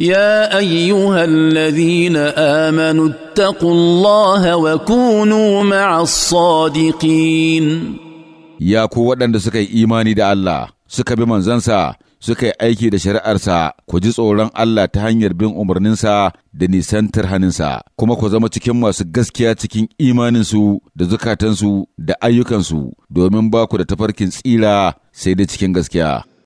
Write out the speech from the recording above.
يا ايها الذين امنوا اتقوا الله وكونوا مع الصادقين يا ku waɗanda suka yi imani da Allah suka bi manzansa suka yi aiki da shari'arsa ku ji tsoron Allah ta hanyar bin umarninsa da nisantar haninsa kuma ku zama cikin masu gaskiya cikin imaninsu da zukatansu da ayyukansu domin ba ku da tafarkin tsira sai da cikin gaskiya